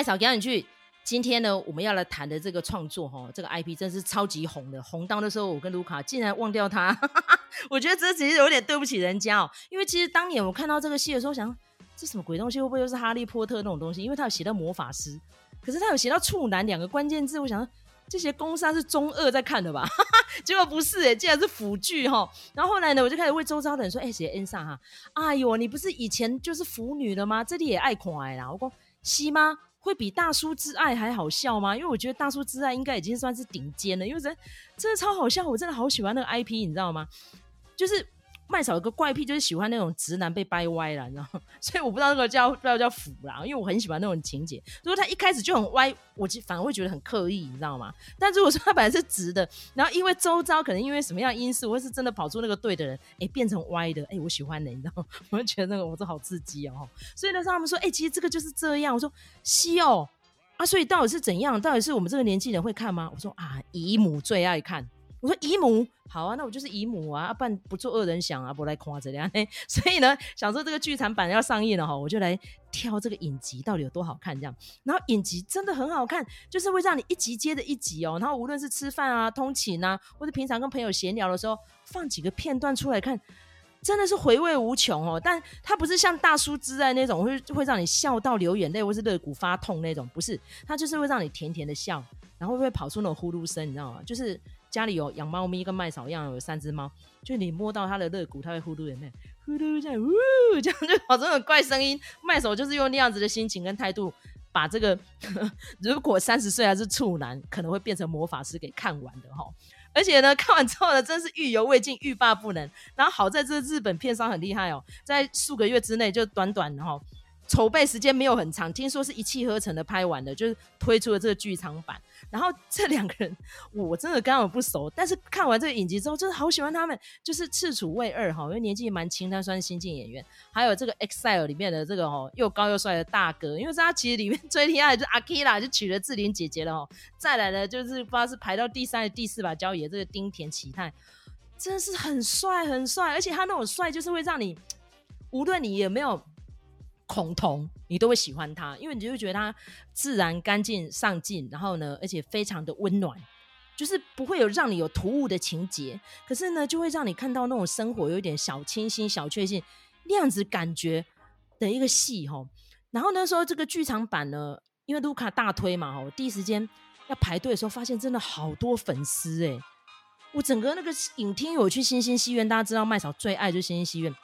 再少給你去。今天呢，我們要來談的這個創作哈，這個 IP 真是超級紅的。紅到的時候，我跟盧卡竟然忘掉他哈哈。我覺得這其實有點對不起人家哦、喔，因為其實當年我看到這個戲的時候我想，想這是什麼鬼東西，會不會又是哈利波特那種東西？因為他有寫到魔法師，可是他有寫到處男兩個關鍵字。我想這些公煞、啊、是中二在看的吧？哈哈結果不是、欸、竟然是腐劇哈。然後後來呢，我就開始問周遭的人說：“哎、欸，寫恩啥哈？哎呦，你不是以前就是腐女的嗎？這裡也愛看哎啦。”我說西嗎？會比大叔之愛還好笑嗎？因為我覺得大叔之愛應該已經算是頂尖了，因為真的真的超好笑，我真的好喜歡那個 IP，你知道嗎？就是。麥嫂有個怪癖，就是喜歡那種直男被掰歪了，你知道嗎？所以我不知道那個叫，不知道叫腐狼，因為我很喜歡那種情節。如果他一開始就很歪，我就反而會覺得很刻意，你知道嗎？但如果說他本來是直的，然後因為周遭可能因為什麼樣的因素，或是真的跑出那個對的人，哎、欸，變成歪的，哎、欸，我喜歡你，你知道嗎？我就覺得那個我這好刺激哦、喔。所以那時候他們說，哎、欸，其實這個就是這樣。我說西柚啊，所以到底是怎樣？到底是我們這個年輕人會看嗎？我說啊，姨母最愛看。我說姨母好啊，那我就是姨母啊，啊不然不做惡人想啊，不來誇着咧，所以呢，想說這個劇場版要上映了哈，我就來挑這個影集到底有多好看這樣。然後影集真的很好看，就是會讓你一集接着一集哦、喔。然後無論是吃飯啊、通勤啊，或者平常跟朋友閒聊的時候，放幾個片段出來看，真的是回味無窮哦、喔。但它不是像大叔之愛，那種會會讓你笑到流眼淚或是肋骨發痛那種，不是，它就是會讓你甜甜的笑，然後會不會跑出那種呼嚕聲，你知道嗎？就是。家裡有養貓咪，跟麥嫂一樣，有三隻貓。就你摸到它的肋骨，它會呼嚕，的那呼嚕在嗚這樣，就搞這怪聲音。麥嫂就是用那樣子的心情跟態度，把這個呵呵，如果三十歲還是處男，可能會變成魔法師給看完的哈。而且呢，看完之後呢，真是意猶未盡，欲罷不能。然後好在這個日本片商很厲害哦、喔，在數個月之內就短短哈籌備時間沒有很長，聽說是一氣呵成的拍完的，就是推出了這個劇場版。然後這兩個人，我真的剛好不熟，但是看完這個影集之後，真的好喜歡他們。就是赤楚衛二哈，因為年紀也蠻輕，他算是新晉演員。還有這個 EXILE 裡面的這個哦，又高又帥的大哥，因為在他其實裡面最厲害的就是 Akira，就娶了志玲姐姐了哦。再來呢就是不知道是排到第三還是第四把交椅的這個町田啟太，真的是很帥很帥，而且他那種帥就是會讓你，無論你有沒有。恐同，你都會喜歡他，因為你就會覺得他自然、乾淨、上進，然後呢，而且非常的溫暖，就是不會有讓你有突兀的情節。可是呢，就會讓你看到那種生活有一點小清新、小確幸那樣子感覺的一個戲吼、哦，然後那時候這個劇場版呢，因為盧卡大推嘛，我第一時間要排隊的時候，發現真的好多粉絲哎！我整個那個影廳有，我去星星戲院，大家知道麥嫂最愛就是星星戲院，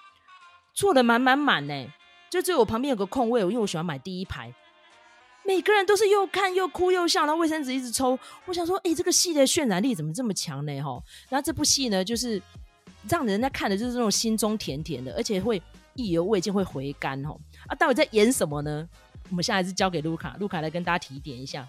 坐的滿滿滿哎、欸。就只有我旁邊有個空位，因為我喜歡買第一排。每個人都是又看又哭又笑，然後衛生紙一直抽。我想說，哎、欸，這個戲的渲染力怎麼這麼強呢？哈，然後這部戲呢，就是讓人家看的就是那種心中甜甜的，而且會意猶未盡，會回甘哦、喔。啊，到底在演什麼呢？我們下一次交給盧卡，盧卡來跟大家提點一下。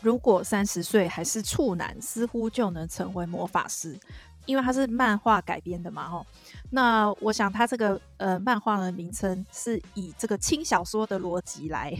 如果三十歲還是處男，似乎就能成為魔法師。因為它是漫畫改編的嘛，吼，那我想它這個呃漫畫的名稱是以這個輕小說的邏輯來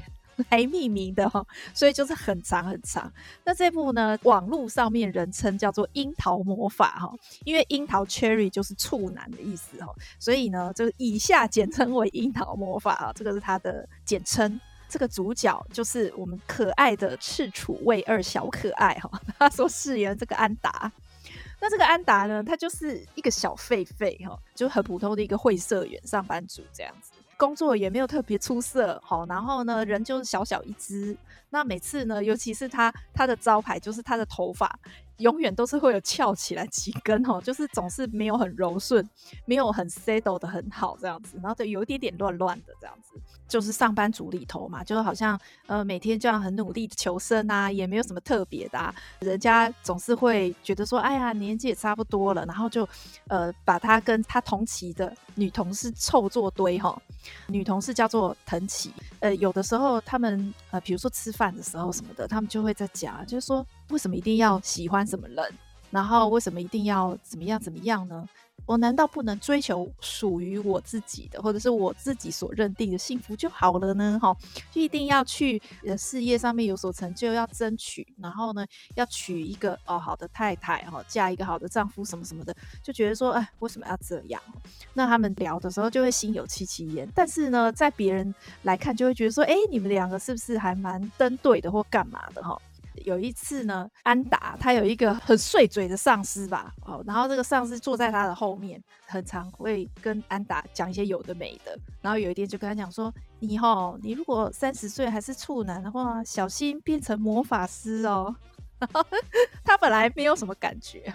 來命名的哈，所以就是很長很長。那這部呢，網絡上面人稱叫做《櫻桃魔法》哈，因為櫻桃 cherry 就是處男的意思哈，所以呢就以下簡稱為《櫻桃魔法》啊，這個是它的簡稱。這個主角就是我們可愛的赤楚衛二小可愛哈，他說飾演這個安達。那這個安達呢，他就是一個小廢廢，哈，就很普通的一個會社員上班族這樣子，工作也沒有特別出色哈，然後呢，人就是小小一隻，那每次呢，尤其是他他的招牌就是他的頭髮。永遠都是會有翹起來幾根哦，就是總是沒有很柔順，沒有很 settle 的很好這樣子，然後就有一點點亂亂的這樣子，就是上班族裡頭嘛，就好像呃每天這樣很努力求生啊，也沒有什麼特別的，啊，人家總是會覺得說，哎呀年紀也差不多了，然後就呃把他跟他同期的。女同事湊作堆哈，女同事叫做藤崎，呃，有的時候他們呃，比如說吃飯的時候什麼的，他們就會在講，就是說為什麼一定要喜歡什麼人，然後為什麼一定要怎麼樣怎麼樣呢？我、哦、難道不能追求屬於我自己的，或者是我自己所認定的幸福就好了呢？哈、哦，就一定要去的事業上面有所成就，要爭取，然後呢，要娶一個哦好的太太，哈、哦，嫁一個好的丈夫，什麼什麼的，就覺得說，哎，為什麼要這樣？那他們聊的時候就會心有戚戚焉，但是呢，在別人來看就會覺得說，哎、欸，你們兩個是不是還蠻登對的，或幹嘛的？哈。有一次呢，安達他有一個很碎嘴的上司吧，哦，然後這個上司坐在他的後面，很常會跟安達講一些有的沒的。然後有一天就跟他講說：“你哦，你如果三十歲還是處男的話，小心變成魔法師哦。”他本來沒有什麼感覺，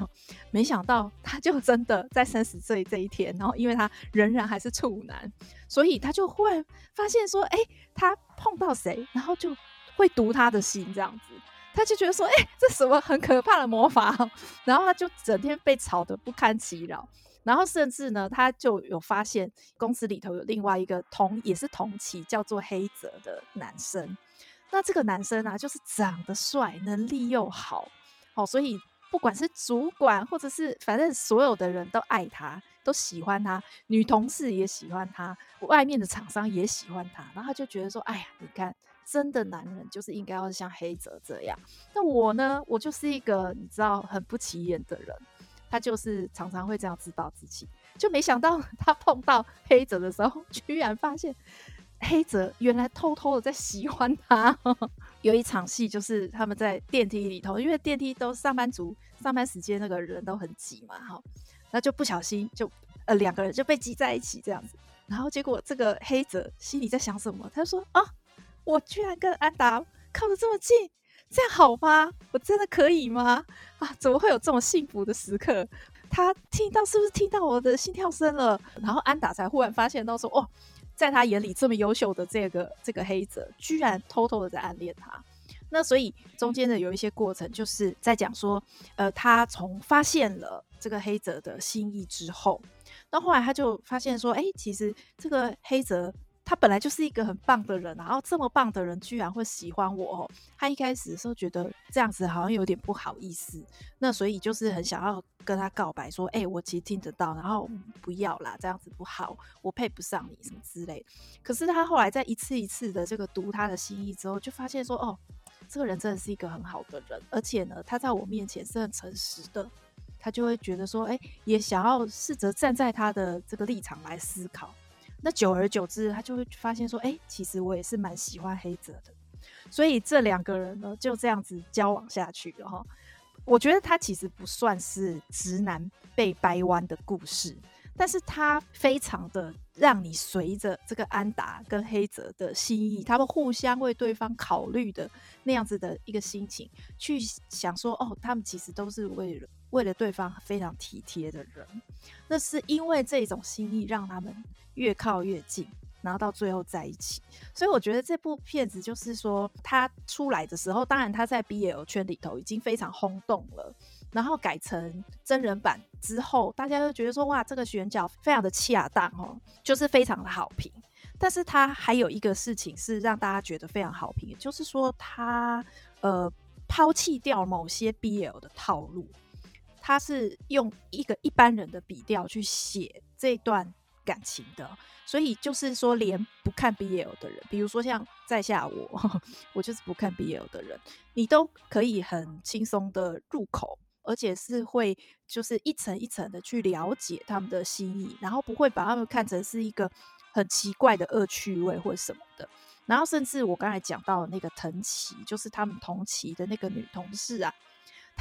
沒想到他就真的在三十歲這一天，然後因為他仍然還是處男，所以他就忽然發現說：“哎、欸，他碰到誰，然後就會讀他的心這樣子。”他就覺得說，哎、欸，這是什麼很可怕的魔法，哦？然後他就整天被吵得不堪其擾。然後甚至呢，他就有發現公司裡頭有另外一個同也是同期叫做黑澤的男生。那這個男生啊，就是長得帥，能力又好，好、哦，所以不管是主管或者是反正所有的人都愛他，都喜歡他，女同事也喜歡他，外面的廠商也喜歡他。然後他就覺得說，哎呀，你看。真的，男人就是應該要像黑澤這樣，那我呢？我就是一個你知道很不起眼的人，他就是常常會這樣自暴自棄。就沒想到他碰到黑澤的時候，居然發現黑澤原來偷偷的在喜歡他。 有一場戲就是他們在電梯裡頭，因為電梯都上班族上班時間那個人都很擠嘛，哈，那就不小心就呃兩個人就被擠在一起這樣子。然後結果這個黑澤心裡在想什麼？他就說啊。哦我居然跟安達靠得這麼近，這樣好嗎？我真的可以嗎？啊，怎麼會有這麼幸福的時刻？他聽到，是不是聽到我的心跳聲了？然後安達才忽然發現到說，哦，在他眼裡這麼優秀的這個這個黑澤，居然偷偷的在暗戀他。那所以中間的有一些過程，就是在講說，呃，他從發現了這個黑澤的心意之後，那後來他就發現說，誒、欸，其實這個黑澤。他本來就是一個很棒的人，然後這麼棒的人居然會喜歡我喔。他一開始的時候覺得這樣子好像有點不好意思，那所以就是很想要跟他告白，說：“欸，我其實聽得到。”然後不要啦，這樣子不好，我配不上你什麼之類的。可是他後來在一次一次的這個讀他的心意之後，就發現說：“喔，這個人真的是一個很好的人，而且呢，他在我面前是很誠實的。”他就會覺得說：“欸，也想要試着站在他的這個立場來思考。”那久而久之，他就會發現說，哎、欸，其實我也是蠻喜歡黑澤的。所以這兩個人呢，就這樣子交往下去了哈。我覺得他其實不算是直男被掰彎的故事，但是他非常的讓你隨着這個安達跟黑澤的心意，他們互相為對方考慮的那樣子的一個心情，去想說，哦，他們其實都是為了。為了對方非常體貼的人，那是因為這種心意讓他們越靠越近，然後到最後在一起。所以我覺得這部片子就是說，他出來的時候，當然他在 BL 圈裡頭已經非常轟動了。然後改成真人版之後，大家都覺得說：“哇，這個選角非常的恰當哦，就是非常的好評。”但是他還有一個事情是讓大家覺得非常好評，就是說他呃拋棄掉某些 BL 的套路。他是用一個一般人的筆調去寫這段感情的，所以就是說，連不看 BL 的人，比如說像在下我，我就是不看 BL 的人，你都可以很輕鬆的入口，而且是會就是一層一層的去了解他們的心意，然後不會把他們看成是一個很奇怪的惡趣味或者什麼的。然後甚至我剛才講到的那個藤崎，就是他們同期的那個女同事啊。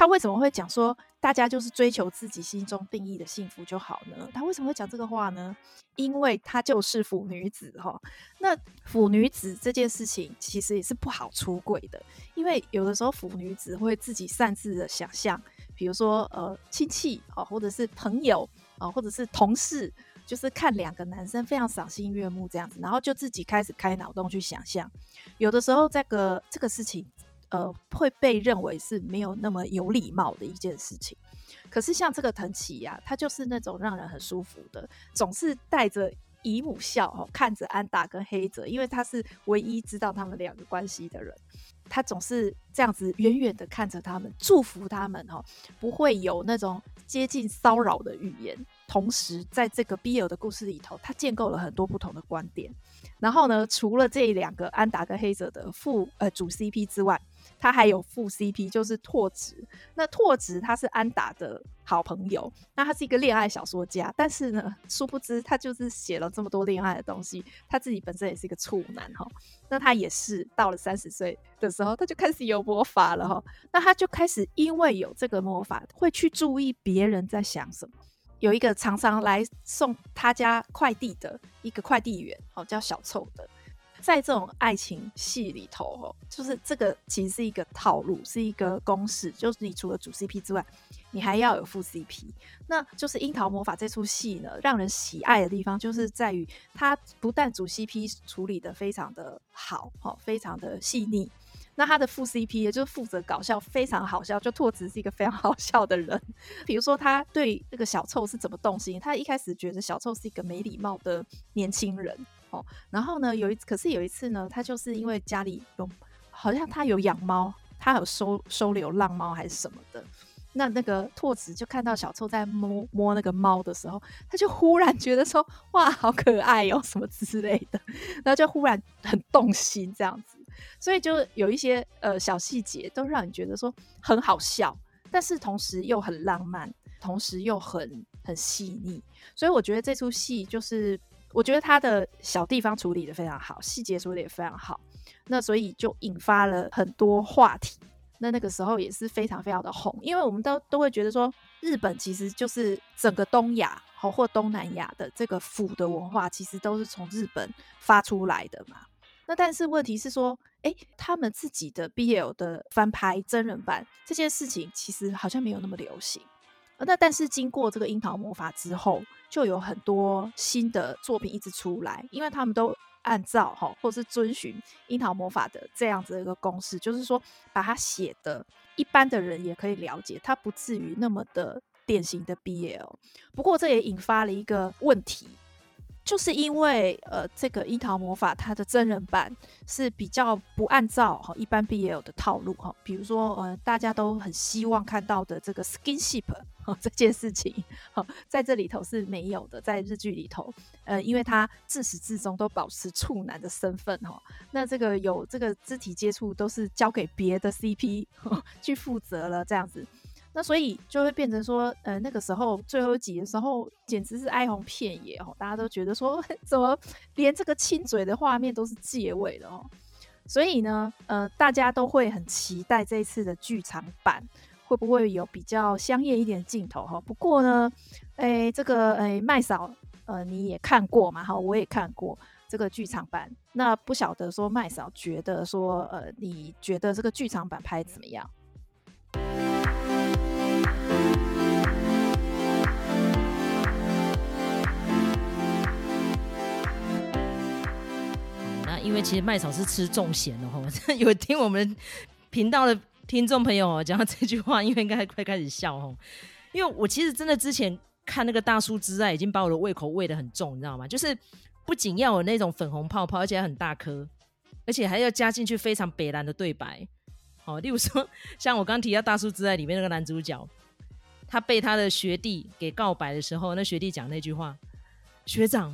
他為什麼會講說大家就是追求自己心中定義的幸福就好呢？他為什麼會講這個話呢？因為他就是腐女子哈、喔。那腐女子這件事情其實也是不好出櫃的，因為有的時候腐女子會自己擅自的想象，比如說呃親戚啊、喔，或者是朋友啊、喔，或者是同事，就是看兩個男生非常賞心悅目這樣子，然後就自己開始開腦洞去想象。有的時候這個這個事情。呃，會被認為是沒有那麼有禮貌的一件事情。可是像這個藤崎呀、啊，他就是那種讓人很舒服的，總是帶着姨母笑哈、哦，看着安達跟黑澤，因為他是唯一知道他們兩個關係的人，他總是這樣子遠遠的看着他們，祝福他們哈、哦，不會有那種接近騷擾的語言。同時，在這個 BL 的故事裡頭，他建構了很多不同的觀點。然後呢，除了這兩個安達跟黑澤的副呃主 CP 之外，他還有副 CP，就是柘植。那柘植他是安達的好朋友，那他是一個戀愛小說家。但是呢，殊不知他就是寫了這麼多戀愛的東西，他自己本身也是一個處男哈。那他也是到了三十歲的時候，他就開始有魔法了哈。那他就開始因為有這個魔法，會去注意別人在想什麼。有一個常常來送他家快遞的一個快遞員，哦，叫小臭的。在這種愛情戲裡頭，哦，就是這個其實是一個套路，是一個公式，就是你除了主 CP 之外，你還要有副 CP。那就是《櫻桃魔法》這齣戲呢，讓人喜愛的地方就是在於它不但主 CP 處理的非常的好，哦，非常的細膩。那他的副 CP 也就是負責搞笑，非常好笑，就拓子是一個非常好笑的人。 比如說他對那個小臭是怎麼動心，他一開始覺得小臭是一個沒禮貌的年輕人。哦，然後呢，有一可是有一次呢，他就是因為家裡有，好像他有養貓，他有收收留浪貓還是什麼的。那那個拓子就看到小臭在摸摸那個貓的時候，他就忽然覺得說：“哇，好可愛哦，什麼之類的。”然後就忽然很動心這樣子。所以就有一些呃小細節都讓你覺得說很好笑，但是同時又很浪漫，同時又很很細膩。所以我覺得這出戲就是。我覺得他的小地方處理的非常好，細節處理的也非常好，那所以就引發了很多話題。那那個時候也是非常非常的紅，因為我們都都會覺得說，日本其實就是整個東亞或東南亞的這個腐的文化，其實都是從日本發出來的嘛。那但是問題是說，哎，他們自己的 BL 的翻拍真人版這件事情，其實好像沒有那麼流行。那但是經過這個櫻桃魔法之後，就有很多新的作品一直出來，因為他們都按照哈或者是遵循櫻桃魔法的這樣子的一個公式，就是說把它寫的一般的人也可以了解，它不至於那麼的典型的 BL。不過這也引發了一個問題。就是因為呃，這個櫻桃魔法它的真人版是比較不按照一般 BL 的套路哈，比如說呃，大家都很希望看到的這個 skinship、哦、這件事情哈、哦，在這裡頭是沒有的，在日劇裡頭，呃，因為它自始至終都保持處男的身份哈、哦，那這個有這個肢體接觸都是交給別的 CP、哦、去負責了，這樣子。那所以就會變成說，呃，那個時候最後一集的時候，簡直是哀鴻遍野哦，大家都覺得說，怎麼連這個親嘴的畫面都是借位的哦。所以呢，呃，大家都會很期待這一次的劇場版會不會有比較香艷一點的鏡頭哈。不過呢，哎、欸，這個哎、欸麥嫂，呃，你也看過嘛哈，我也看過這個劇場版。那不曉得說麥嫂覺得說，呃，你覺得這個劇場版拍怎麼樣？因為其實麥嫂是吃重鹹的哈，有聽我們頻道的聽眾朋友講到這句話，因為應該快開始笑哈。因為我其實真的之前看那個《大叔之愛》，已經把我的胃口餵得很重，你知道嗎？就是不僅要有那種粉紅泡泡，而且還很大顆，而且還要加進去非常北爛的對白。吼，例如說像我剛提到《大叔之愛》裡面那個男主角，他被他的學弟給告白的時候，那學弟講那句話：“學長。”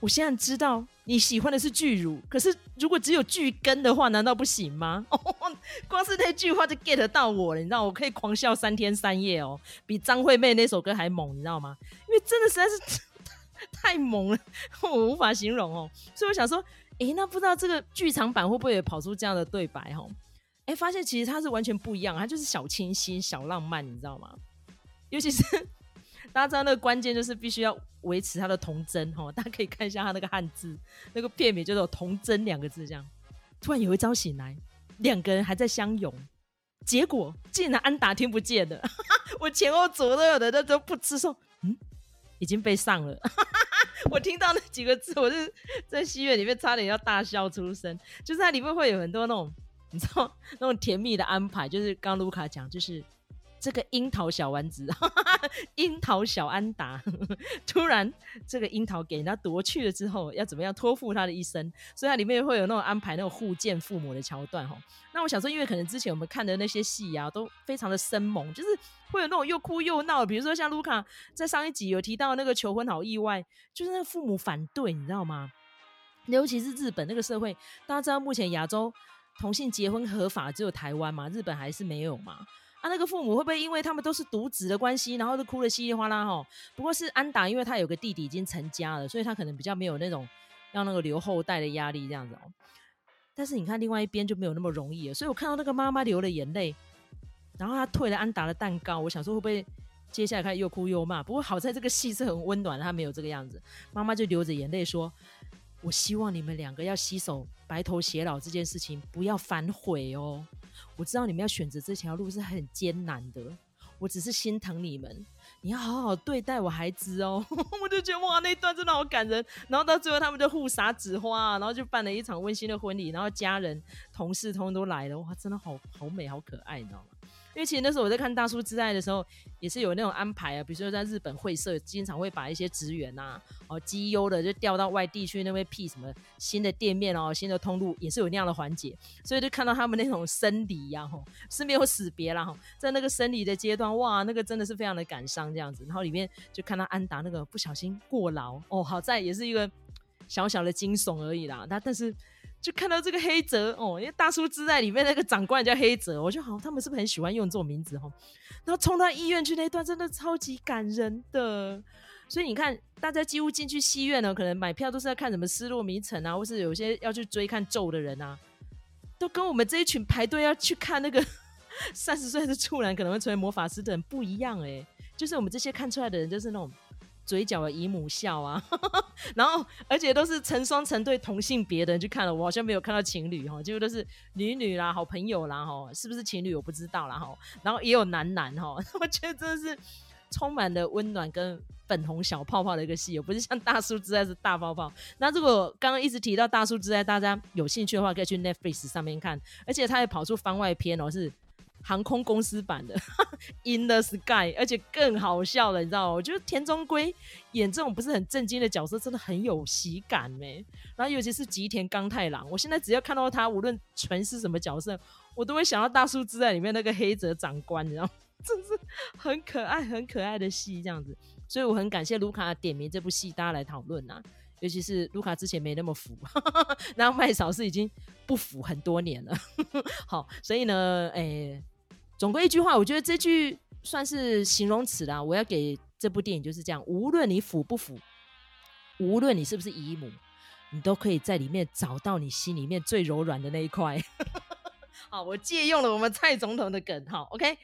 我現在知道你喜歡的是巨乳，可是如果只有巨根的話，難道不行嗎？哦、光是那句話就 get 到我了，你知道我可以狂笑三天三夜哦，比張惠妹那首歌還猛，你知道嗎？因為真的實在是太，太猛了，我無法形容哦。所以我想說，誒、欸，那不知道這個劇場版會不會也跑出這樣的對白哈、哦？誒、欸，發現其實它是完全不一樣，它就是小清新、小浪漫，你知道嗎？尤其是。大家知道那個關鍵就是必須要維持他的童真哦，大家可以看一下他那個漢字，那個片名就是“童真”兩個字，這樣。突然有一招醒來，兩個人還在相擁，結果竟然安達聽不見的， 我前後左右的人都不知說，嗯，已經被上了。 我聽到那幾個字，我就是在戲院裡面差點要大笑出聲。就是它裡面會有很多那種，你知道那種甜蜜的安排，就是剛路卡講，就是。這個櫻桃小丸子，櫻 桃小安達， 突然這個櫻桃給人家奪去了之後，要怎麼樣托付他的一生？所以它裡面會有那種安排，那種互見父母的橋段哦，那我想說，因為可能之前我們看的那些戲啊，都非常的生猛，就是會有那種又哭又鬧。比如說像盧卡在上一集有提到那個求婚好意外，就是那父母反對，你知道嗎？尤其是日本那個社會，大家知道目前亞洲同性結婚合法只有台灣嘛，日本還是沒有嘛。啊，那個父母會不會因為他們都是獨子的關係，然後就哭得稀里嘩啦吼，不過是安達，因為他有個弟弟已經成家了，所以他可能比較沒有那種要那個留後代的壓力這樣子哦、喔。但是你看另外一邊就沒有那麼容易了，所以我看到那個媽媽流了眼淚，然後他退了安達的蛋糕，我想說會不會接下來開始又哭又罵？不過好在這個戲是很溫暖，他沒有這個樣子，媽媽就流着眼淚說。我希望你們兩個要攜手白頭偕老這件事情不要反悔哦！我知道你們要選擇這條路是很艱難的，我只是心疼你們。你要好好對待我孩子哦！ 我就覺得哇，那一段真的好感人。然後到最後他們就互撒紙花，然後就辦了一場溫馨的婚禮，然後家人、同事通通都來了，哇，真的好好美、好可愛，你知道嗎？因為其實那時候我在看《大叔之愛》的時候，也是有那種安排啊，比如說在日本會社經常會把一些職員吶、啊，哦 c e 的就調到外地去那邊闢什麼新的店面哦，新的通路，也是有那樣的環節，所以就看到他們那種生理一、啊、呀，哦，是沒有死別啦。吼，在那個生理的階段，哇，那個真的是非常的感傷這樣子，然後裡面就看到安達那個不小心過勞哦，好在也是一個小小的驚悚而已啦，他但是。就看到這個黑澤哦，因為大叔之愛裡面那個長官叫黑澤，我覺得好，他們是不是很喜歡用這種名字哦，然後衝到醫院去那一段真的超級感人的，所以你看大家幾乎進去戲院呢，可能買票都是在看什麼失落迷城啊，或是有些要去追看咒的人啊，都跟我們這一群排隊要去看那個三十歲的處男可能會成為魔法師的人不一樣哎、欸，就是我們這些看出來的人就是那種。嘴角的姨母笑啊，， 然後而且都是成雙成對同性別的人去看了，我好像沒有看到情侶哈，幾乎都是女女啦，好朋友啦哈，是不是情侶我不知道啦哈，然後也有男男哈，我覺得真的是充滿了溫暖跟粉紅小泡泡的一個戲，哦。不是像大叔之愛是大泡泡。那如果剛剛一直提到大叔之愛，大家有興趣的話可以去 Netflix 上面看，而且他還跑出番外篇哦是。航空公司版的 In the Sky，而且更好笑了，你知道嗎？我覺得田中圭演這種不是很正經的角色，真的很有喜感呢。然後尤其是吉田剛太郎，我現在只要看到他，無論詮釋什麼角色，我都會想到《大叔之愛》裡面那個黑澤長官，你知道嗎，真是很可愛、很可愛的戲這樣子。所以我很感謝盧卡、啊、點名這部戲，大家來討論啊。尤其是路卡之前沒那麼腐， 然後麥嫂是已經不腐很多年了。 好，所以呢，誒、欸，總歸一句話，我覺得這句算是形容詞啦。我要給這部電影就是這樣，無論你腐不腐，無論你是不是姨母，你都可以在裡面找到你心裡面最柔軟的那一塊。 好，我借用了我們蔡總統的梗，好，OK?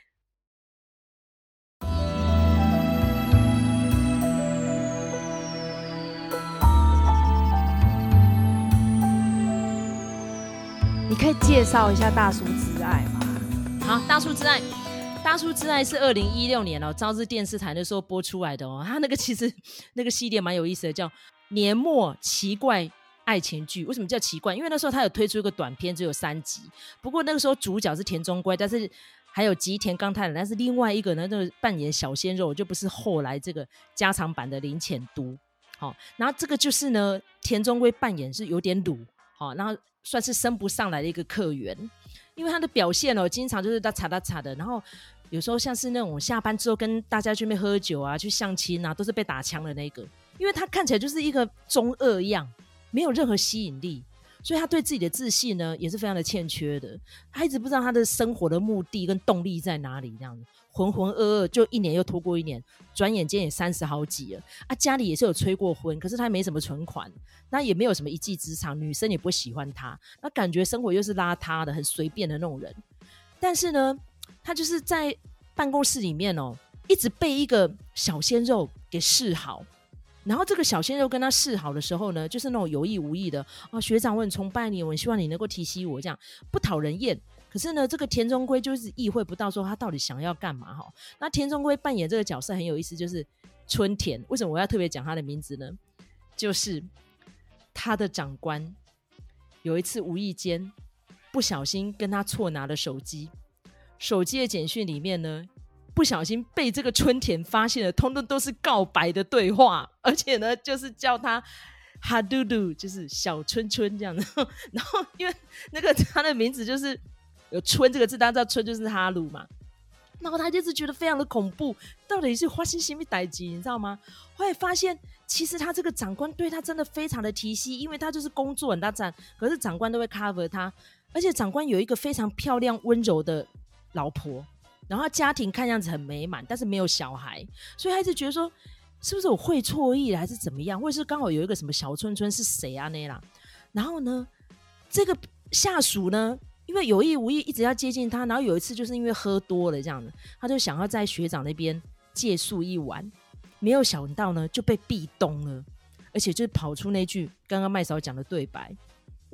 你可以介紹一下大叔之愛嗎？好《大叔之愛》嗎？好，《大叔之愛》，《大叔之愛》是二零一六年哦，朝日電視台那時候播出來的哦。他那個其實那個系列蠻有意思的，叫《年末奇怪愛情劇》。為什麼叫奇怪？因為那時候他有推出一個短片，只有三集。不過那個時候主角是田中圭，但是還有吉田鋼太郎，但是另外一個呢，就、那、是、個、扮演小鮮肉，就不是後來這個加長版的林遣都。好，然後這個就是呢，田中圭扮演是有點魯。好，然後。算是升不上來的一個客源，因為他的表現哦，經常就是大查大查的，然後有時候像是那種下班之後跟大家去那邊喝酒啊，去相親啊，都是被打槍的那個，因為他看起來就是一個中二樣，沒有任何吸引力。所以他對自己的自信呢，也是非常的欠缺的。他一直不知道他的生活的目的跟動力在哪裡，這樣渾渾噩噩，就一年又拖過一年，轉眼間也三十好幾了。啊，家裡也是有催過婚，可是他沒什麼存款，那也沒有什麼一技之長，女生也不會喜歡他。那感覺生活又是邋遢的、很隨便的那種人。但是呢，他就是在辦公室裡面哦、喔，一直被一個小鮮肉給示好。然後這個小鮮肉跟他示好的時候呢，就是那種有意無意的啊、哦，學長，我很崇拜你，我希望你能夠提攜我，這樣不討人厭。可是呢，這個田中圭就是意會不到說他到底想要幹嘛哈。那田中圭扮演這個角色很有意思，就是春田。為什麼我要特別講他的名字呢？就是他的長官有一次無意間不小心跟他錯拿了手機，手機的簡訊裡面呢。不小心被這個春田發現了，通通都是告白的對話，而且呢，就是叫他哈嘟嘟，就是小春春這樣子，然後，然後因為那個他的名字就是有“春”這個字，大家知道“春”就是哈魯嘛。然後他就是覺得非常的恐怖，到底是花心心沒逮住，你知道嗎？後來發現，其實他這個長官對他真的非常的提攜，因為他就是工作很大戰，可是長官都會 cover 他，而且長官有一個非常漂亮溫柔的老婆。然後他家庭看樣子很美滿，但是沒有小孩，所以他就覺得說，是不是我會錯意了，還是怎麼樣，或者是剛好有一個什麼小春春是誰啊那啦？然後呢，這個下屬呢，因為有意無意一直要接近他，然後有一次就是因為喝多了這樣子，他就想要在學長那邊借宿一晚，沒有想到呢就被壁咚了，而且就跑出那句剛剛麥嫂講的對白。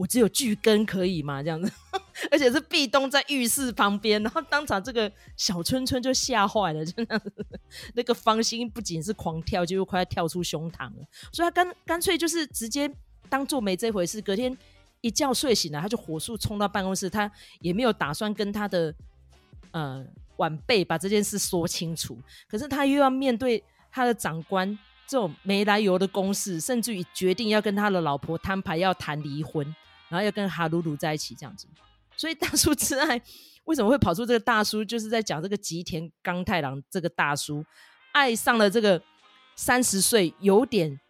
我只有巨根可以嗎？這樣子， 而且是壁咚在浴室旁邊，然後當場這個小春春就嚇壞了，就那 那個芳心不僅是狂跳，就又快要跳出胸膛了。所以他乾乾脆就是直接當做沒這回事。隔天一覺睡醒了，他就火速衝到辦公室，他也沒有打算跟他的呃晚輩把這件事說清楚。可是他又要面對他的長官這種沒來由的攻勢，甚至於決定要跟他的老婆攤牌，要談離婚。然後要跟哈魯魯在一起這樣子，所以大叔之愛為什麼會跑出這個大叔？就是在講這個吉田剛太郎這個大叔愛上了這個三十歲有點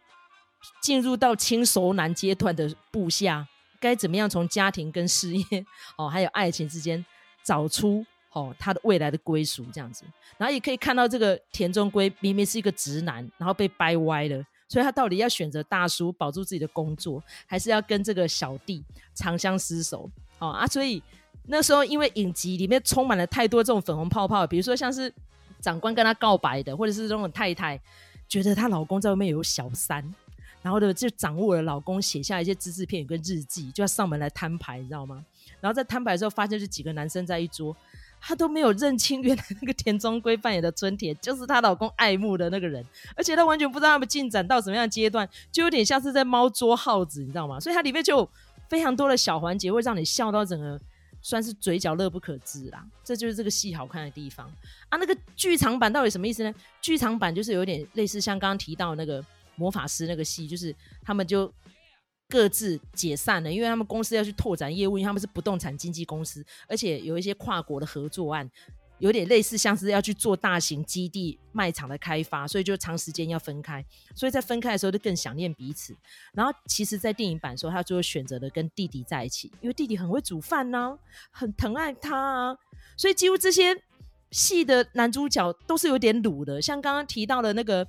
進入到輕熟男階段的部下，該怎麼樣從家庭跟事業哦，還有愛情之間找出哦他的未來的歸屬這樣子。然後也可以看到這個田中圭明明是一個直男，然後被掰歪了。所以他到底要選擇大叔保住自己的工作，還是要跟這個小弟長相廝守？哦啊！所以那時候因為影集裡面充滿了太多這種粉紅泡泡，比如說像是長官跟他告白的，或者是這種太太覺得她老公在外面有小三，然後呢，就掌握了老公寫下一些隻字片語跟日記，就要上門來攤牌，你知道嗎？然後在攤牌的時候，發現是幾個男生在一桌。她都沒有認清原來那個田中圭扮演的春田就是她老公愛慕的那個人，而且她完全不知道他們進展到什麼樣階段，就有點像是在貓捉耗子，你知道嗎？所以它裡面就有非常多的小環節會讓你笑到整個算是嘴角樂不可支啦，這就是這個戲好看的地方啊！那個劇場版到底什麼意思呢？劇場版就是有點類似像剛剛提到的那個魔法師那個戲，就是他們就。各自解散了，因為他們公司要去拓展業務，因為他們是不動產經紀公司，而且有一些跨國的合作案，有點類似像是要去做大型基地賣場的開發，所以就長時間要分開，所以在分開的時候就更想念彼此。然後其實，在電影版的時候，他最後選擇了跟弟弟在一起，因為弟弟很會煮飯呢啊，很疼愛他啊，所以幾乎這些戲的男主角都是有點魯的，像剛剛提到的那個，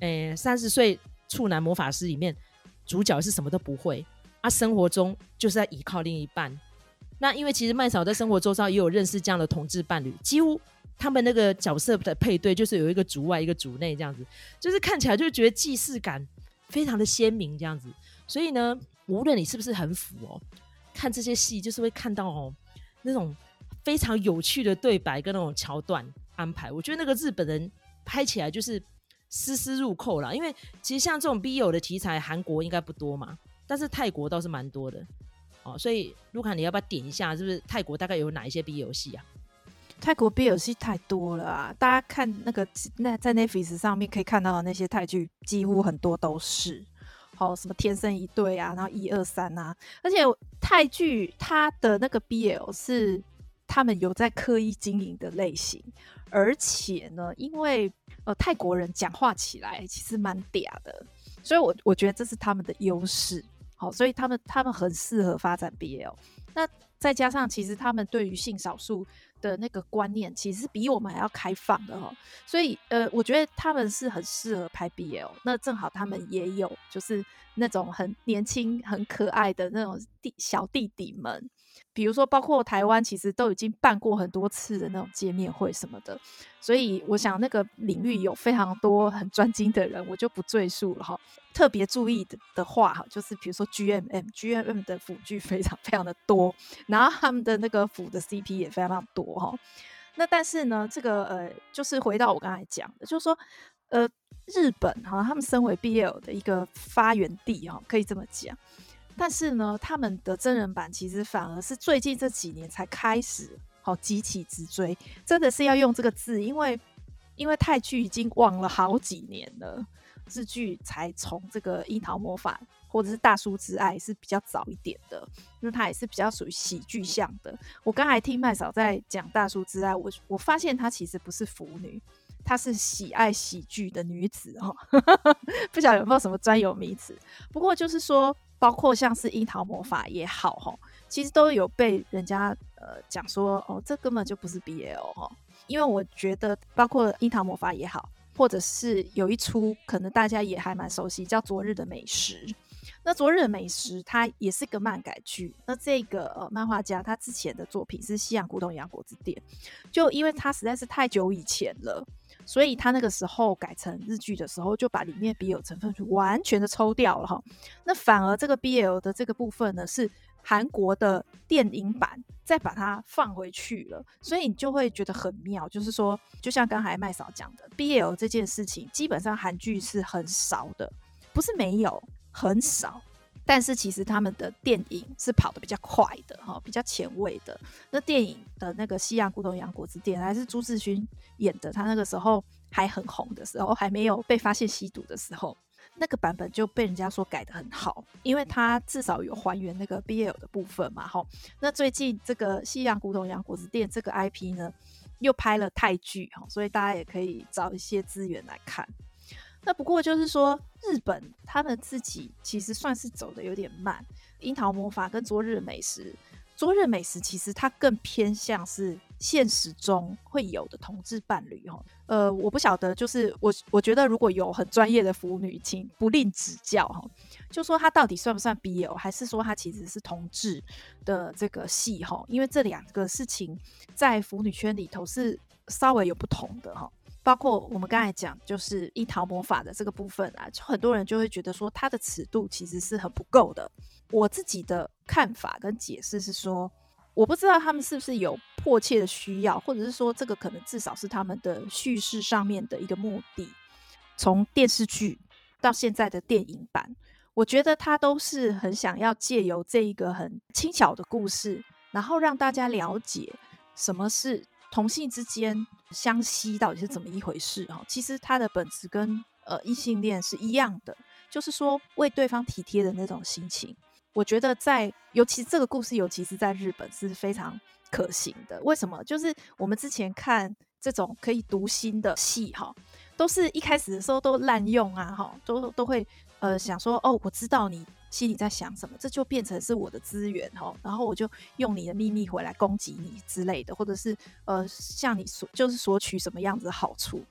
欸，三十歲處男魔法師裡面，主角是什麼都不會，他、啊、生活中就是在依靠另一半。那因為其實麥嫂在生活周遭也有認識這樣的同志伴侶，幾乎他們那個角色的配對就是有一個主外一個主內這樣子，就是看起來就覺得既視感非常的鮮明這樣子。所以呢，無論你是不是很腐哦，看這些戲就是會看到哦那種非常有趣的對白跟那種橋段安排。我覺得那個日本人拍起來就是。絲絲入扣啦，因為其實像這種 BL 的題材，韓國應該不多嘛，但是泰國倒是蠻多的哦。所以路卡，你要不要點一下，是不是泰國大概有哪一些 BL 戲啊？泰國 BL 戲太多了啊大家看那個那在 Netflix 上面可以看到的那些泰劇，幾乎很多都是哦，什麼《天生一對》啊，然後一二三啊，而且泰劇它的那個 BL 是他們有在刻意經營的類型。而且呢，因為呃，泰國人講話起來其實蠻嗲的，所以我我覺得這是他們的優勢。好、哦，所以他們他們很適合發展 BL。那再加上，其實他們對於性少數的那個觀念其實比我們還要開放的哦，所以呃，我覺得他們是很適合拍 BL。那正好他們也有就是那種很年輕、很可愛的那種弟小弟弟們，比如說包括台灣，其實都已經辦過很多次的那種見面會什麼的。所以我想那個領域有非常多很專精的人，我就不贅述了哈、哦。特別注意的，的話哈，就是比如說 GMM，GMM GMM 的腐劇非常非常的多，然後他們的那個腐的 CP 也非常非常多。哦，那但是呢，這個呃，就是回到我剛才講的，就是說，呃，日本哈、哦，他們身為 BL 的一個發源地哦，可以這麼講，但是呢，他們的真人版其實反而是最近這幾年才開始，好、哦、急起直追，真的是要用這個字，因為因為泰劇已經忘了好幾年了，日劇才從這個櫻桃魔法。或者是大叔之愛是比較早一點的，因為他也是比較屬於喜劇向的。我剛才聽麥嫂在講大叔之愛，我我發現她其實不是腐女，她是喜愛喜劇的女子哦。 不曉得有沒有什麼專有名詞？不過就是說，包括像是櫻桃魔法也好，哈，其實都有被人家呃講說哦，這根本就不是 BL 哈、哦。因為我覺得，包括櫻桃魔法也好，或者是有一出可能大家也還蠻熟悉，叫《昨日的美食》。那昨日的美食它也是個漫改劇，那這個呃漫畫家他之前的作品是西洋古董洋菓子店，就因為他實在是太久以前了，所以他那個時候改成日劇的時候就把裡面 BL 成分完全的抽掉了哈。那反而這個 BL 的這個部分呢是韓國的電影版再把它放回去了，所以你就會覺得很妙，就是說就像剛才麥嫂講的，BL 這件事情基本上韓劇是很少的，不是沒有。很少，但是其實他們的電影是跑得比較快的哈，比較前衛的。那電影的那個《西洋古董洋果子店》還是朱智勳演的，他那個時候還很紅的時候，還沒有被發現吸毒的時候，那個版本就被人家說改得很好，因為他至少有還原那個 BL 的部分嘛哈。那最近這個《西洋古董洋果子店》這個 IP 呢，又拍了泰劇哈，所以大家也可以找一些資源來看。那不過就是說，日本他們自己其實算是走得有點慢。櫻桃魔法跟昨日美食，昨日美食其實它更偏向是現實中會有的同志伴侶哦。呃，我不曉得，就是我我覺得如果有很專業的腐女，請不吝指教哈。就是說它到底算不算 BL，還是說它其實是同志的這個戲哈？因為這兩個事情在腐女圈裡頭是稍微有不同的哈。包括我們剛才講，就是櫻桃魔法的這個部分啊，就很多人就會覺得說，它的尺度其實是很不夠的。我自己的看法跟解釋是說，我不知道他們是不是有迫切的需要，或者是說，這個可能至少是他們的敘事上面的一個目的。從電視劇到現在的電影版，我覺得他都是很想要借由這一個很輕巧的故事，然後讓大家了解什麼是。同性之間相吸到底是怎麼一回事？哦，其實他的本質跟呃異性戀是一樣的，就是說為對方體貼的那種心情。我覺得在尤其這個故事，尤其是在日本是非常可行的。為什麼？就是我們之前看這種可以讀心的戲，哈，都是一開始的時候都濫用啊，哈，都都會。呃，想說哦，我知道你心裡在想什麼，這就變成是我的資源哦，然後我就用你的秘密回來攻擊你之類的，或者是呃，向你索就是索取什麼樣子的好處，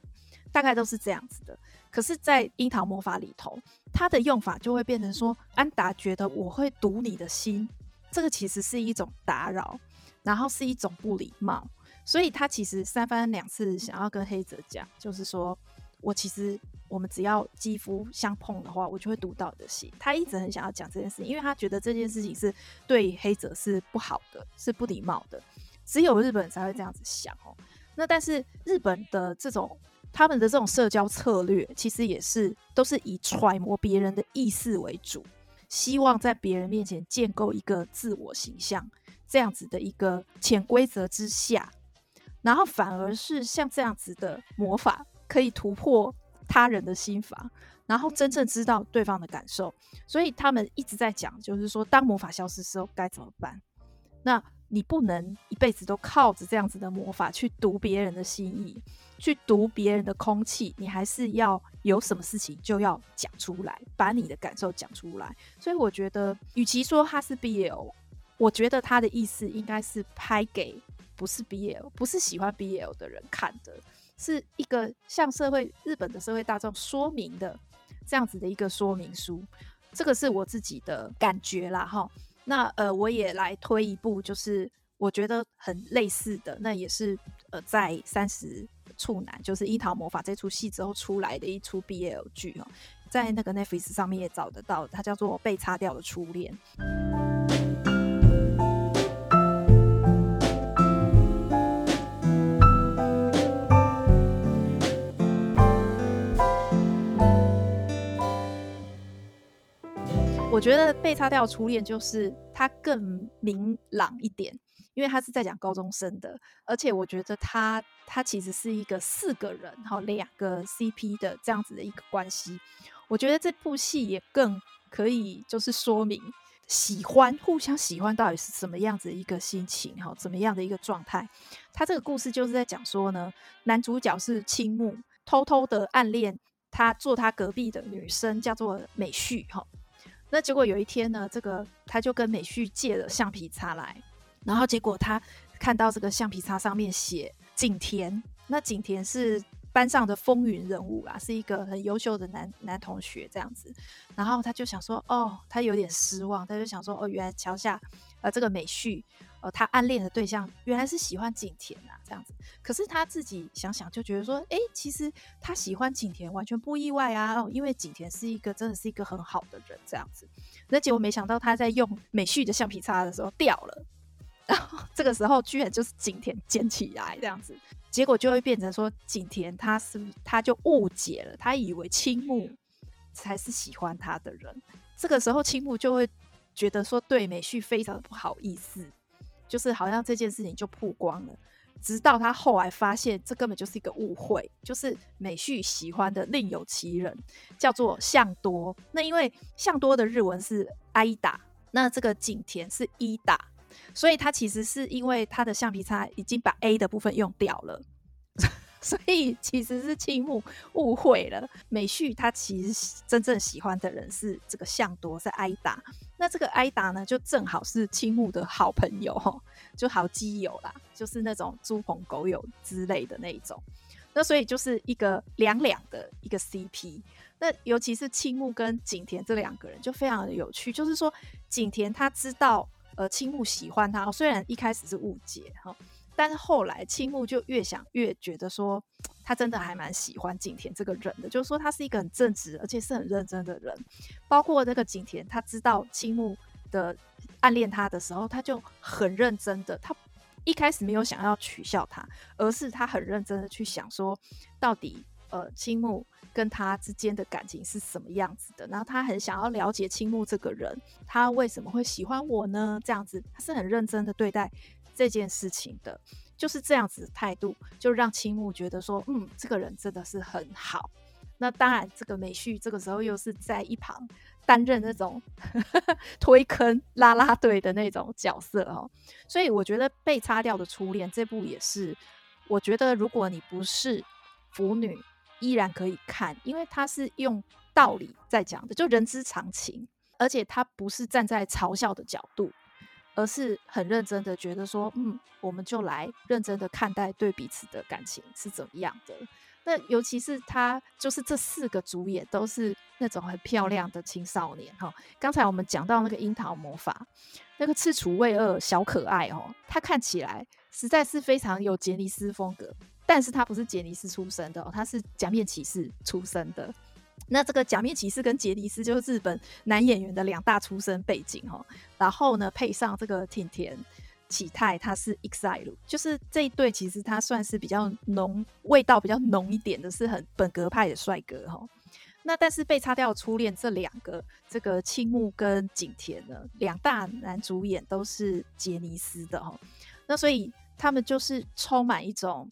大概都是這樣子的。可是在，在櫻桃魔法裡頭，它的用法就會變成說，安達覺得我會讀你的心，這個其實是一種打擾，然後是一種不禮貌，所以他其實三番兩次想要跟黑澤講，就是說。我其實，我們只要肌膚相碰的話，我就會讀到你的戲。他一直很想要講這件事情，因為他覺得這件事情是對黑澤是不好的，是不禮貌的。只有日本人才會這樣子想喔。那但是日本的這種，他們的這種社交策略，其實也是都是以揣摩別人的意思為主，希望在別人面前建構一個自我形象，這樣子的一個潛規則之下，然後反而是像這樣子的魔法。可以突破他人的心法，然後真正知道對方的感受。所以他們一直在講，就是說當魔法消失的時候該怎麼辦？那你不能一輩子都靠着這樣子的魔法去讀別人的心意，去讀別人的空氣，你還是要有什麼事情就要講出來，把你的感受講出來。所以我覺得，與其說他是 BL，我覺得他的意思應該是拍給不是 BL、不是喜歡 BL 的人看的。是一個向社會、日本的社會大眾說明的這樣子的一個說明書，這個是我自己的感覺啦，哈。那呃，我也來推一部，就是我覺得很類似的，那也是呃，在三十處男，就是櫻桃魔法這出戲之後出來的一出 BL 劇，在那個 Netflix 上面也找得到，它叫做被擦掉的初戀。我覺得被擦掉的初戀就是他更明朗一點，因為他是在講高中生的，而且我覺得他，他其實是一個四個人哈兩個 CP 的這樣子的一個關係。我覺得這部戲也更可以就是說明喜歡，互相喜歡到底是什麼樣子的一個心情哈怎麼樣的一個狀態。他這個故事就是在講說呢，男主角是青木，偷偷的暗戀他坐他隔壁的女生叫做美旭，哈。那結果有一天呢，這個他就跟美緒借了橡皮擦來，然後結果他看到這個橡皮擦上面寫井田，那井田是班上的風雲人物啊，是一個很優秀的男男同學這樣子，然後他就想說，哦，他有點失望，他就想說，哦，原來橋下呃這個美緒。哦，他暗戀的對象原來是喜歡景田吶，啊，這樣子。可是他自己想想就覺得說，哎、欸，其實他喜歡景田完全不意外啊，哦、因為景田是一個真的是一個很好的人這樣子。那結果沒想到他在用美緒的橡皮擦的時候掉了，然後這個時候居然就是景田撿起來這樣子，結果就會變成說景田他是他就誤解了，他以為青木才是喜歡他的人。這個時候青木就會覺得說，對美緒非常的不好意思。就是好像這件事情就曝光了，直到他後來發現，這根本就是一個誤會，就是美旭喜歡的另有其人，叫做向多。那因為向多的日文是挨打，那這個景田是伊打，所以他其實是因為他的橡皮擦已經把 A 的部分用掉了。 所以其實是青木誤會了，美旭他其實真正喜歡的人是這個相多，是挨打。那這個挨打呢，就正好是青木的好朋友，就好基友啦，就是那種豬朋狗友之類的那一種。那所以就是一個兩兩的一個 CP。那尤其是青木跟井田這兩個人就非常的有趣，就是說井田他知道呃青木喜歡他，雖然一開始是誤解哈。但是後來青木就越想越覺得說，他真的還蠻喜歡井田這個人的，就是說他是一個很正直而且是很認真的人。包括那個井田，他知道青木的暗戀他的時候，他就很認真的，他一開始沒有想要取笑他，而是他很認真的去想說，到底呃青木跟他之間的感情是什麼樣子的。然後他很想要了解青木這個人，他為什麼會喜歡我呢？這樣子他是很認真的對待。這件事情的，就是這樣子態度，就讓青木覺得說，嗯，這個人真的是很好。那當然，這個美旭這個時候又是在一旁擔任那種 推坑拉拉隊的那種角色哦。所以我覺得《被擦掉的初戀》這部也是，我覺得如果你不是腐女，依然可以看，因為它是用道理在講的，就人之常情，而且他不是站在嘲笑的角度。而是很認真的覺得說，嗯，我們就來認真的看待對彼此的感情是怎麼樣的。那尤其是他，就是這四個主演都是那種很漂亮的青少年哈。剛才我們講到那個櫻桃魔法，那個赤楚衛二小可愛哦，他看起來實在是非常有傑尼斯風格，但是他不是傑尼斯出身的哦，他是假面騎士出身的。那這個假面騎士跟傑尼斯就是日本男演員的兩大出身背景哦，然後呢，配上這個町田啟太，他是 EXILE，就是這一對其實他算是比較濃，味道比較濃一點的，是很本格派的帥哥哈、哦。那但是被擦掉的初戀這兩個，這個青木跟景田呢，兩大男主演都是傑尼斯的哈、哦，那所以他們就是充滿一種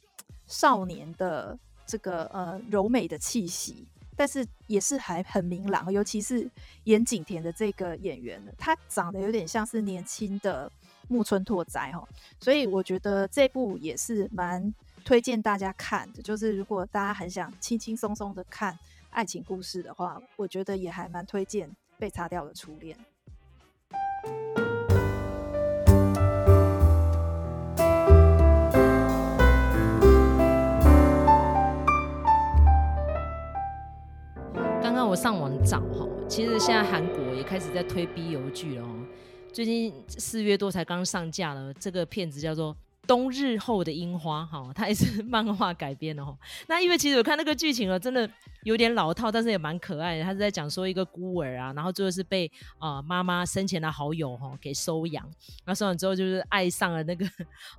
少年的這個呃柔美的氣息。但是也是還很明朗，尤其是演景田的這個演員，他長得有點像是年輕的木村拓哉。所以我覺得這部也是蠻推薦大家看的。就是如果大家很想輕輕鬆鬆的看愛情故事的話，我覺得也還蠻推薦《被擦掉的初戀》。上網找哈，其實現在韓國也開始在推 BL 劇了。最近四月多才剛上架了，這個片子叫做《冬日後的櫻花》哈，它也是漫畫改編的哈。那因為其實我看那個劇情哦，真的有點老套，但是也蠻可愛的。它是在講說一個孤兒啊，然後最後是被啊、呃、媽媽生前的好友哈給收養，那收養之後就是愛上了那個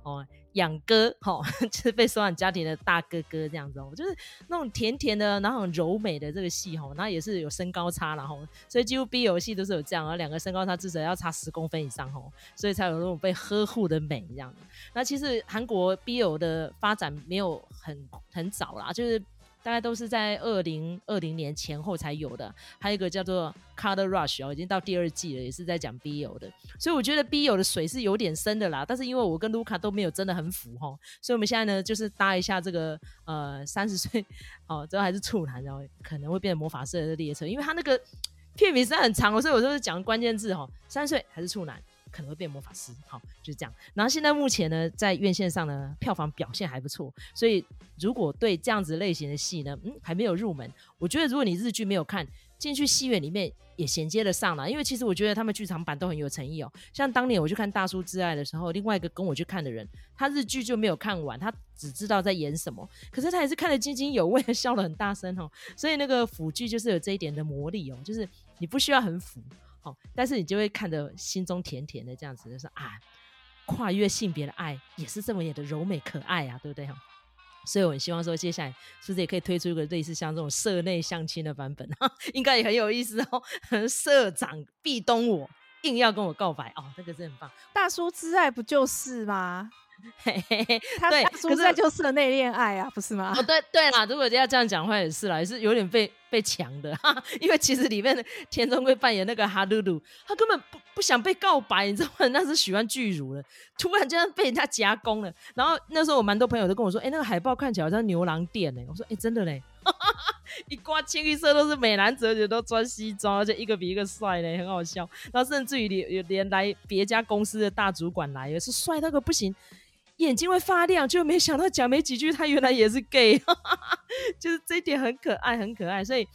哦。養哥，吼，就是被收養家庭的大哥哥這樣子哦，就是那種甜甜的，然後很柔美的這個戲吼，然後也是有身高差了吼，所以幾乎 BL 戲都是有這樣，然後兩個身高差至少要差十公分以上吼，所以才有那種被呵護的美這樣。那其實韓國 BL 的發展沒有很很早啦，就是。大概都是在二零二零年前後才有的，還有一個叫做《Card Rush》哦，已經到第二季了，也是在講 B 友的，所以我覺得 B 友的水是有點深的啦。但是因為我跟 Luca 都沒有真的很符吼、哦，所以我們現在呢就是搭一下這個呃三十歲哦，最後還是處男，然後可能會變魔法師的列車，因為他那個片名是很長，所以我就是講關鍵字哦，三歲還是處男。可能會變魔法師，好，就是這樣。然後現在目前呢，在院線上呢，票房表現還不錯。所以如果對這樣子類型的戲呢，嗯，還沒有入門，我覺得如果你日劇沒有看，進去戲院裡面也銜接得上了。因為其實我覺得他們劇場版都很有誠意哦。像當年我去看《大叔之愛》的時候，另外一個跟我去看的人，他日劇就沒有看完，他只知道在演什麼，可是他還是看得津津有味，笑得很大聲哦。所以那個腐劇就是有這一點的魔力哦，就是你不需要很腐。哦，但是你就會看得心中甜甜的，這樣子就是啊，跨越性別的愛也是這麼樣的柔美可愛啊，對不對哈？所以我很希望說，接下來是不是也可以推出一個類似像這種社內相親的版本啊？ 應該也很有意思哦。社長壁咚我，硬要跟我告白哦，這、那個是很棒。大叔之愛不就是嗎？嘿嘿嘿，他可是那就是個內戀愛啊，不是嗎？哦、喔，對對啦。如果要這樣講話，也是啦，也是有點被被搶的哈，哈。因為其實裡面的田中圭扮演那個哈魯魯，他根本不不想被告白，你知道嗎？那是喜歡巨乳的，突然間被人家夾攻了。然後那時候我蠻多朋友都跟我說，哎、欸，那個海報看起來好像牛郎店呢、欸。我說，哎、欸，真的嘞， 一掛清一色都是美男子，而且都穿西裝，而且一個比一個帥嘞、欸，很好笑。然後甚至於有有連來別家公司的大主管來，也是帥到個不行。眼睛會發亮，就沒想到講沒幾句，他原來也是 gay， 就是這一點很可愛，很可愛。所以，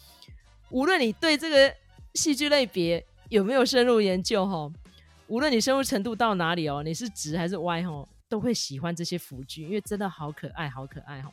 無論你對這個戲劇類別有沒有深入研究，哈，無論你深入程度到哪裡哦，你是直還是歪，哈，都會喜歡這些腐劇，因為真的好可愛，好可愛，哈。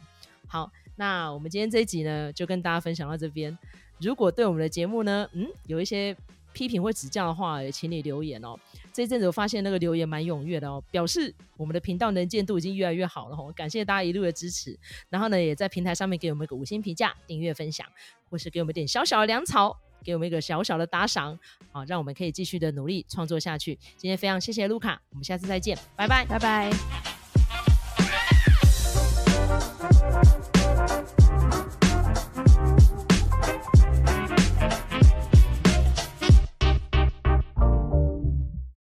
好，那我們今天這一集呢，就跟大家分享到這邊。如果對我們的節目呢，嗯，有一些批評或指教的話，也請你留言哦。這一陣子我發現那個留言蠻踴躍的哦，表示我們的頻道能見度已經越來越好了哦，感謝大家一路的支持，然後呢，也在平台上面給我們一個五星評價、訂閱、分享，或是給我們點小小的糧草，給我們一個小小的打賞，啊，讓我們可以繼續的努力創作下去。今天非常謝謝路卡，我們下次再見，拜拜，拜拜。